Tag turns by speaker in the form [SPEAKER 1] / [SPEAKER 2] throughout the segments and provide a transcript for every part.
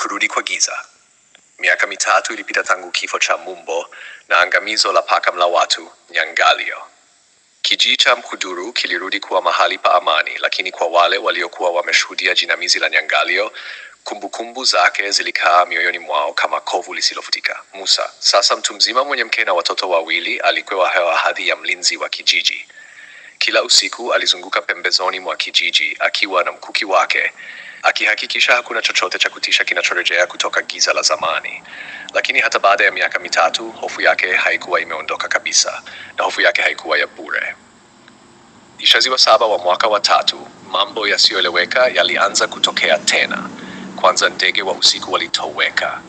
[SPEAKER 1] Kurudi kwa giza. Miaka mitatu ilipita tangu kifo cha Mumbo na angamizo la paka mla watu Nyangalio. Kijiji cha Mkuduru kilirudi kuwa mahali pa amani, lakini kwa wale waliokuwa wameshuhudia jinamizi la Nyangalio, kumbukumbu zake zilikaa mioyoni mwao kama kovu lisilofutika. Musa, sasa mtu mzima mwenye mke na watoto wawili, alikuwa hewa hadhi ya mlinzi wa kijiji. Kila usiku alizunguka pembezoni mwa kijiji akiwa na mkuki wake akihakikisha hakuna chochote cha kutisha kinachorejea kutoka giza la zamani. Lakini hata baada ya miaka mitatu, hofu yake haikuwa imeondoka kabisa, na hofu yake haikuwa ya bure. Ishazi wa saba wa mwaka wa tatu, mambo yasiyoeleweka yalianza kutokea tena. Kwanza, ndege wa usiku walitoweka.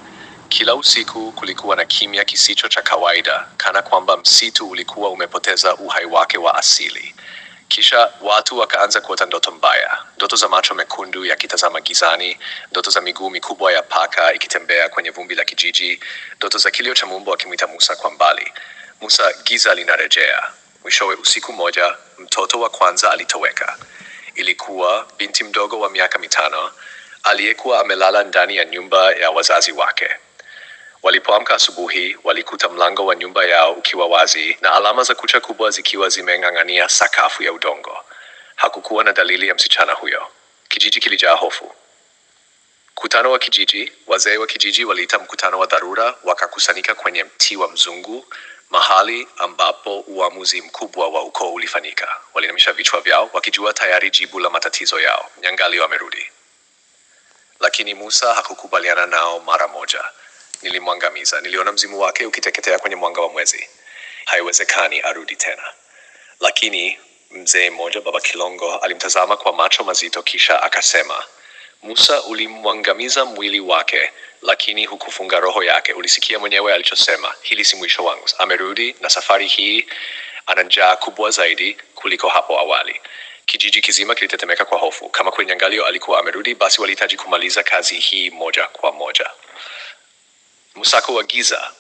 [SPEAKER 1] Kila usiku kulikuwa na kimya kisicho cha kawaida, kana kwamba msitu ulikuwa umepoteza uhai wake wa asili. Kisha watu wakaanza kuota ndoto mbaya, ndoto za macho mekundu yakitazama gizani, ndoto za miguu mikubwa ya paka ikitembea kwenye vumbi la kijiji, ndoto za kilio cha mumbo akimwita Musa kwa mbali. Musa, giza linarejea. Mwishowe, usiku moja, mtoto wa kwanza alitoweka. Ilikuwa binti mdogo wa miaka mitano aliyekuwa amelala ndani ya nyumba ya wazazi wake. Walipoamka asubuhi, walikuta mlango wa nyumba yao ukiwa wazi na alama za kucha kubwa zikiwa zimeng'ang'ania sakafu ya udongo. Hakukuwa na dalili ya msichana huyo. Kijiji kilijaa hofu. Mkutano wa kijiji. Wazee wa kijiji waliita mkutano wa dharura, wakakusanyika kwenye mti wa mzungu, mahali ambapo uamuzi mkubwa wa ukoo ulifanyika. Walinamisha vichwa vyao, wakijua tayari jibu la matatizo yao. Nyangali wamerudi, lakini Musa hakukubaliana nao mara moja. Nilimwangamiza, niliona mzimu wake ukiteketea kwenye mwanga wa mwezi. Haiwezekani arudi tena. Lakini mzee mmoja, baba Kilongo, alimtazama kwa macho mazito, kisha akasema, Musa, ulimwangamiza mwili wake, lakini hukufunga roho yake. Ulisikia mwenyewe alichosema, hili si mwisho wangu. Amerudi na safari hii ana njaa kubwa zaidi kuliko hapo awali. Kijiji kizima kilitetemeka kwa hofu. Kama kwenye ngalio alikuwa amerudi, basi walihitaji kumaliza kazi hii moja kwa moja. Msako wa giza.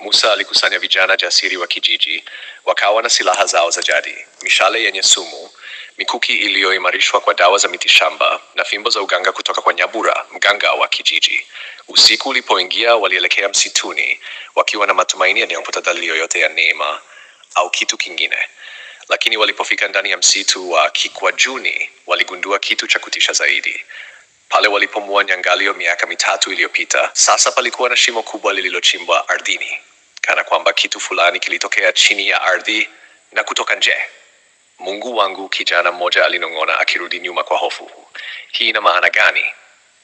[SPEAKER 1] Musa alikusanya vijana jasiri wa kijiji, wakawa na silaha zao za jadi, mishale yenye sumu, mikuki iliyoimarishwa kwa dawa za mitishamba na fimbo za uganga kutoka kwa Nyabura, mganga wa kijiji. Usiku ulipoingia, walielekea msituni wakiwa na matumaini yanayopota dalili yoyote ya neema au kitu kingine, lakini walipofika ndani ya msitu wa Kikwajuni waligundua kitu cha kutisha zaidi pale walipomua Nyangalio miaka mitatu iliyopita. Sasa palikuwa na shimo kubwa lililochimbwa ardhini, kana kwamba kitu fulani kilitokea chini ya ardhi na kutoka nje. Mungu wangu, kijana mmoja alinong'ona, akirudi nyuma kwa hofu. Hii ina maana gani?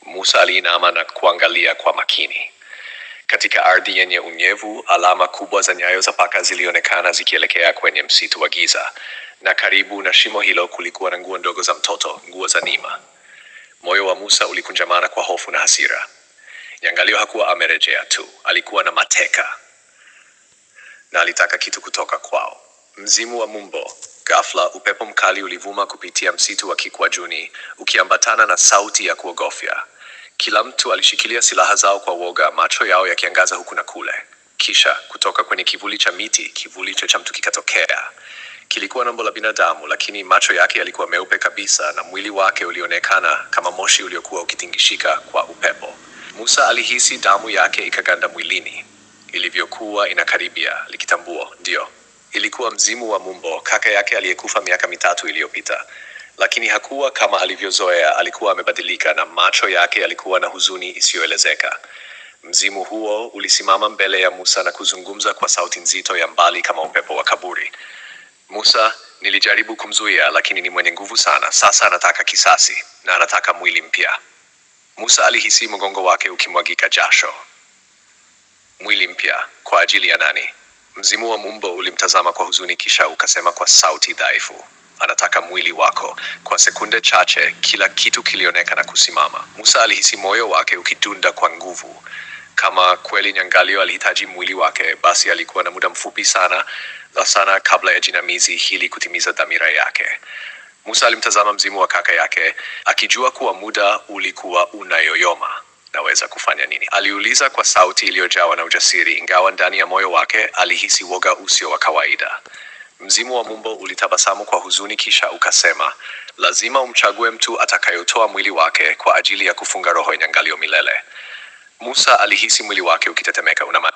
[SPEAKER 1] Musa aliinama na kuangalia kwa makini. Katika ardhi yenye unyevu, alama kubwa za nyayo za paka zilionekana zikielekea kwenye msitu wa giza, na karibu na shimo hilo kulikuwa na nguo ndogo za mtoto, nguo za Nima. Moyo wa Musa ulikunjamana kwa hofu na hasira. Nyangalio hakuwa amerejea tu, alikuwa na mateka na alitaka kitu kutoka kwao. Mzimu wa Mumbo. Ghafla upepo mkali ulivuma kupitia msitu wa Kikwajuni ukiambatana na sauti ya kuogofya. Kila mtu alishikilia silaha zao kwa woga, macho yao yakiangaza huku na kule. Kisha kutoka kwenye kivuli cha miti, kivuli cha mtu kikatokea, Kilikuwa nambo la binadamu, lakini macho yake yalikuwa meupe kabisa na mwili wake ulionekana kama moshi uliokuwa ukitingishika kwa upepo. Musa alihisi damu yake ikaganda mwilini ilivyokuwa inakaribia, likitambua ndio ilikuwa mzimu wa Mumbo, kaka yake aliyekufa miaka mitatu iliyopita. Lakini hakuwa kama alivyozoea, alikuwa amebadilika na macho yake yalikuwa na huzuni isiyoelezeka. Mzimu huo ulisimama mbele ya Musa na kuzungumza kwa sauti nzito ya mbali kama upepo wa kaburi. Musa, nilijaribu kumzuia lakini ni mwenye nguvu sana. Sasa anataka kisasi na anataka mwili mpya. Musa alihisi mgongo wake ukimwagika jasho. Mwili mpya kwa ajili ya nani? Mzimu wa mumbo ulimtazama kwa huzuni, kisha ukasema kwa sauti dhaifu, anataka mwili wako. Kwa sekunde chache, kila kitu kilionekana kusimama. Musa alihisi moyo wake ukidunda kwa nguvu kama kweli Nyangalio alihitaji mwili wake, basi alikuwa na muda mfupi sana sana kabla ya jinamizi hili kutimiza dhamira yake. Musa alimtazama mzimu wa kaka yake akijua kuwa muda ulikuwa unayoyoma. Naweza kufanya nini? Aliuliza kwa sauti iliyojawa na ujasiri, ingawa ndani ya moyo wake alihisi woga usio wa kawaida. Mzimu wa Mumbo ulitabasamu kwa huzuni, kisha ukasema, lazima umchague mtu atakayotoa mwili wake kwa ajili ya kufunga roho ya Nyangalio milele. Musa alihisi mwili wake ukitetemeka. Una